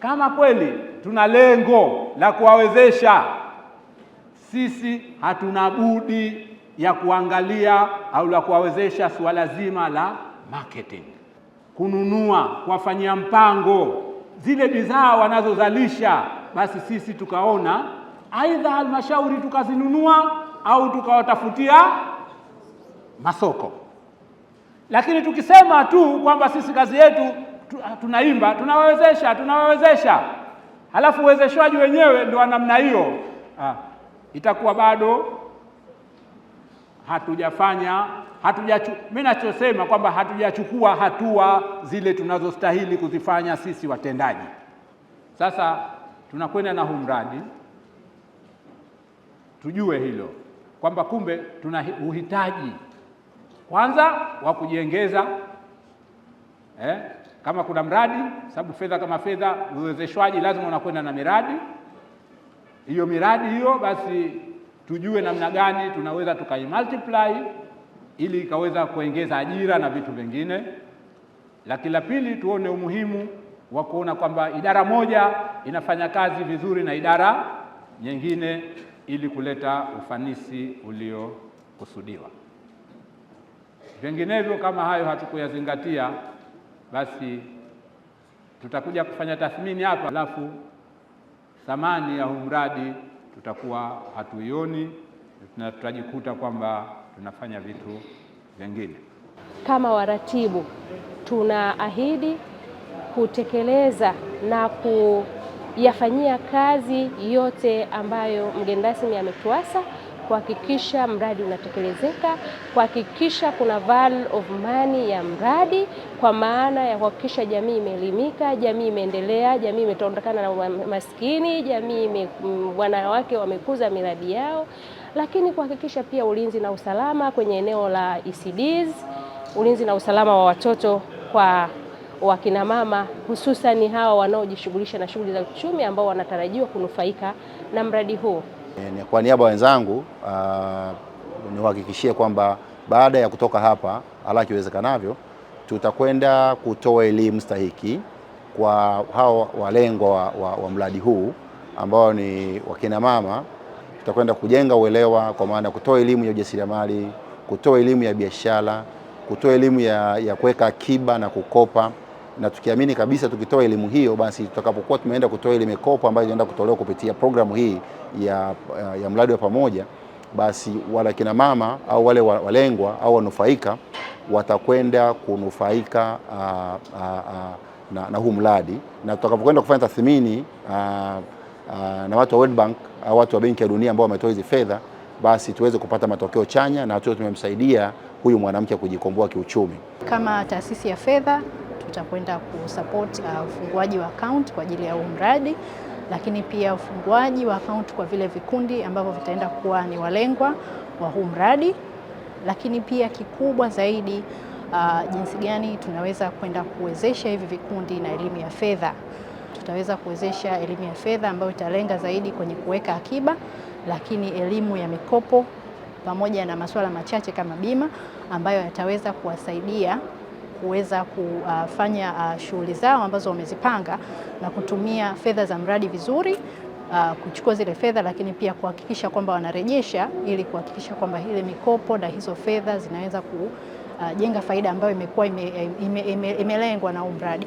Kama kweli tuna lengo la kuwawezesha, sisi hatuna budi ya kuangalia au la kuwawezesha suala zima la marketing, kununua, kuwafanyia mpango zile bidhaa wanazozalisha. Basi sisi tukaona aidha halmashauri tukazinunua au tukawatafutia masoko, lakini tukisema tu kwamba sisi kazi yetu Ah, tunaimba tunawawezesha, tunawawezesha, halafu uwezeshwaji wenyewe ndio namna hiyo, ah, itakuwa bado hatujafanya hatujachu, mimi nachosema kwamba hatujachukua hatua zile tunazostahili kuzifanya sisi watendaji. Sasa tunakwenda na huu mradi, tujue hilo kwamba kumbe tuna uhitaji kwanza wa kujiengeza eh? kama kuna mradi, sababu fedha kama fedha, uwezeshwaji lazima unakwenda na miradi hiyo. Miradi hiyo basi tujue namna gani tunaweza multiply ili ikaweza kuongeza ajira na vitu vingine. Lakini la pili, tuone umuhimu wa kuona kwamba idara moja inafanya kazi vizuri na idara nyingine ili kuleta ufanisi uliokusudiwa. Vinginevyo kama hayo hatukuyazingatia basi tutakuja kufanya tathmini hapa, alafu thamani ya huu mradi tutakuwa hatuioni na tutajikuta kwamba tunafanya vitu vingine. Kama waratibu, tunaahidi kutekeleza na kuyafanyia kazi yote ambayo mgeni rasmi ametuasa kuhakikisha mradi unatekelezeka, kuhakikisha kuna value of money ya mradi, kwa maana ya kuhakikisha jamii imeelimika, jamii imeendelea, jamii imetondokana na maskini, jamii wanawake wamekuza miradi yao, lakini kuhakikisha pia ulinzi na usalama kwenye eneo la ECDs, ulinzi na usalama wa watoto kwa wakina mama hususan hawa wanaojishughulisha na shughuli za uchumi ambao wanatarajiwa kunufaika na mradi huu. E, kwa niaba ya wenzangu uh, niwahakikishie kwamba baada ya kutoka hapa haraka iwezekanavyo tutakwenda kutoa elimu stahiki kwa hao walengwa wa, wa, wa mradi huu ambao ni wakina mama. Tutakwenda kujenga uelewa kwa maana kutoa elimu ya ujasiriamali, kutoa elimu ya biashara, kutoa elimu ya, ya kuweka akiba na kukopa na tukiamini kabisa tukitoa elimu hiyo, basi tutakapokuwa tumeenda kutoa ile mikopo ambayo inaenda kutolewa kupitia programu hii ya, ya mradi wa pamoja, basi wale kina mama au wale walengwa au wanufaika watakwenda kunufaika a, a, a, na, na huu mradi na tutakapokwenda kufanya tathmini na watu wa World Bank au watu wa Benki ya Dunia ambao wametoa hizi fedha, basi tuweze kupata matokeo chanya na tuwe tumemsaidia huyu mwanamke kujikomboa kiuchumi. Kama taasisi ya fedha tutakwenda kusupport uh, ufunguaji uh, wa account kwa ajili ya huu mradi, lakini pia ufunguaji wa account kwa vile vikundi ambavyo vitaenda kuwa ni walengwa wa huu mradi, lakini pia kikubwa zaidi uh, jinsi gani tunaweza kwenda kuwezesha hivi vikundi na elimu ya fedha. Tutaweza kuwezesha elimu ya fedha ambayo italenga zaidi kwenye kuweka akiba, lakini elimu ya mikopo pamoja na masuala machache kama bima ambayo yataweza kuwasaidia kuweza kufanya uh, shughuli zao ambazo wamezipanga na kutumia fedha za mradi vizuri. Uh, kuchukua zile fedha lakini pia kuhakikisha kwamba wanarejesha ili kuhakikisha kwamba ile mikopo na hizo fedha zinaweza kujenga uh, faida ambayo imekuwa imelengwa ime, ime, ime na huu mradi.